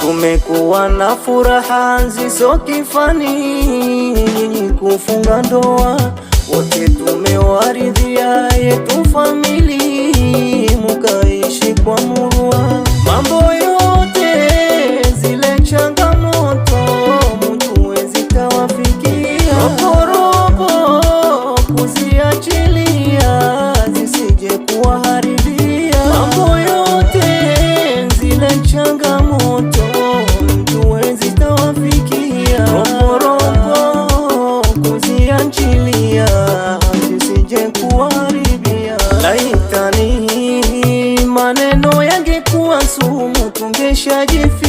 Tumekuwa na furaha kifani, kufunga ndoa wote tumewaridhia yetu famili, mukaishi kwa murua mambo zinazotuachilia zisije kuwaharibia. Mambo yote zina changamoto, nduwe zitawafikia. Romborombo kuziachilia zisije kuwaharibia. Laitani maneno yangekuwa sumu, tungeshajifi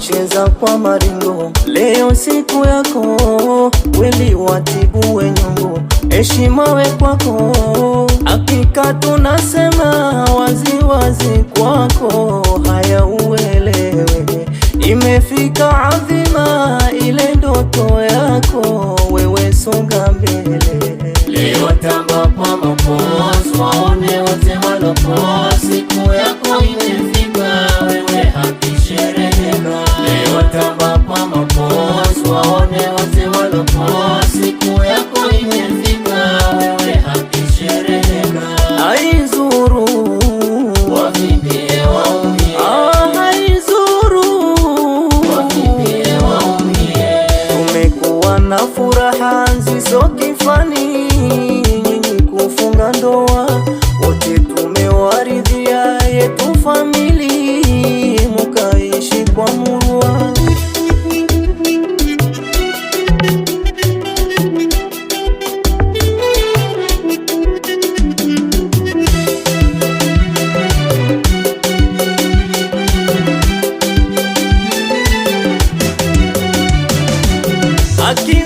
wacheza kwa maringo. Leo siku yako, wili watibu wenyongo, heshima we kwako, hakika tunasema waziwazi wazi kwako, haya uelewe, imefika adhima ile ndoto yako, wewe songa mbele aquí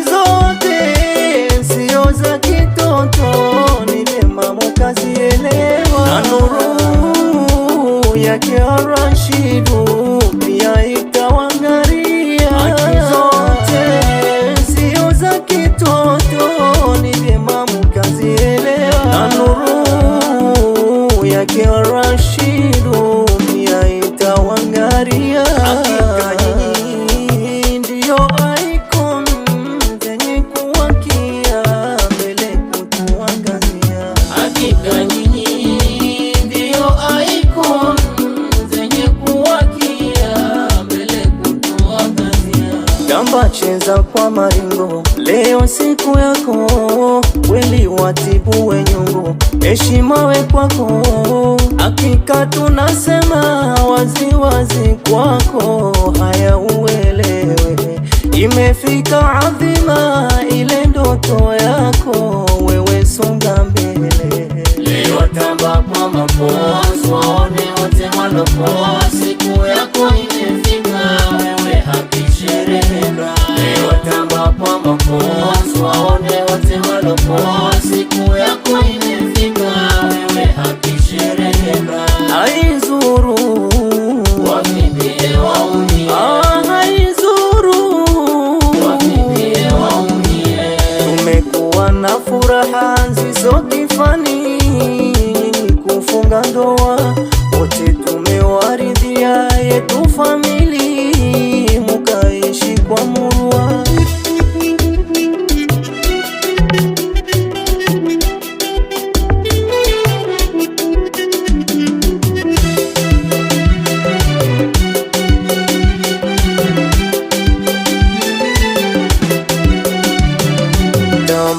watibu wenyongo, heshima we kwako, hakika tunasema waziwazi kwako, haya uelewe, imefika adhima ile ndoto yako, wewe songa mbele, leo tamba kwa mambo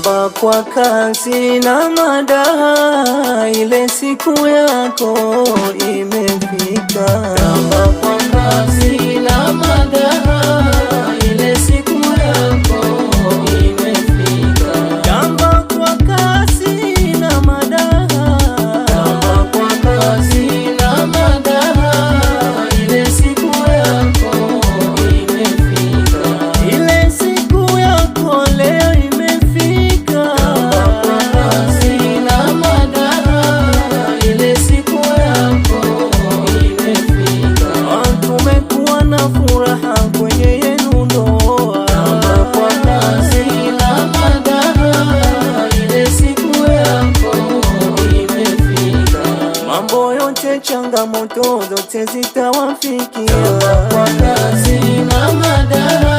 Kuomba kwa kazi na madaha, ile siku yako imefika. Kuomba kwa kazi na madaha, ile zitawafikia wapenzi na madara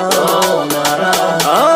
Omara. Oh,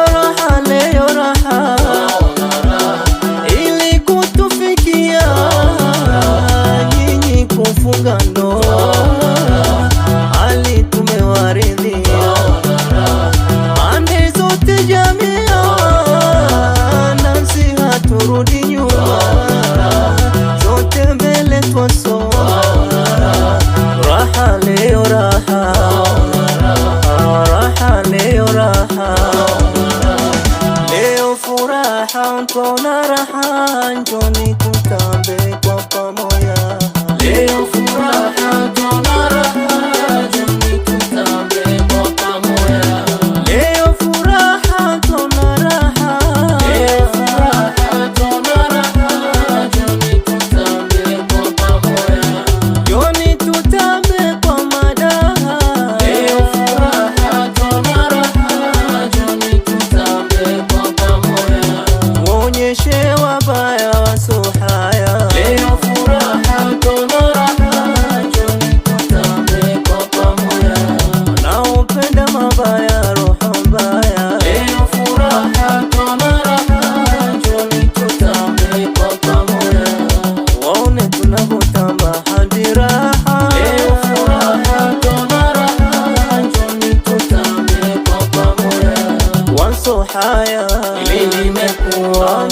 haya,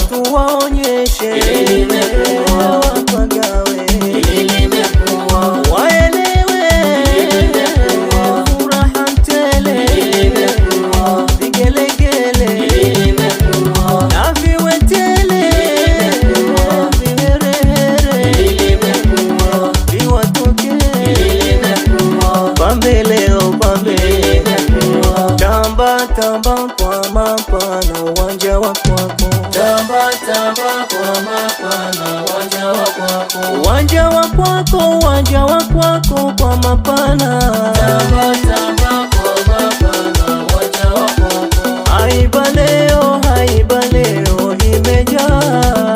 tuwaonyeshe Uwanja wa kwako, uwanja wa kwako kwa mapana, haiba leo, haiba leo imejaa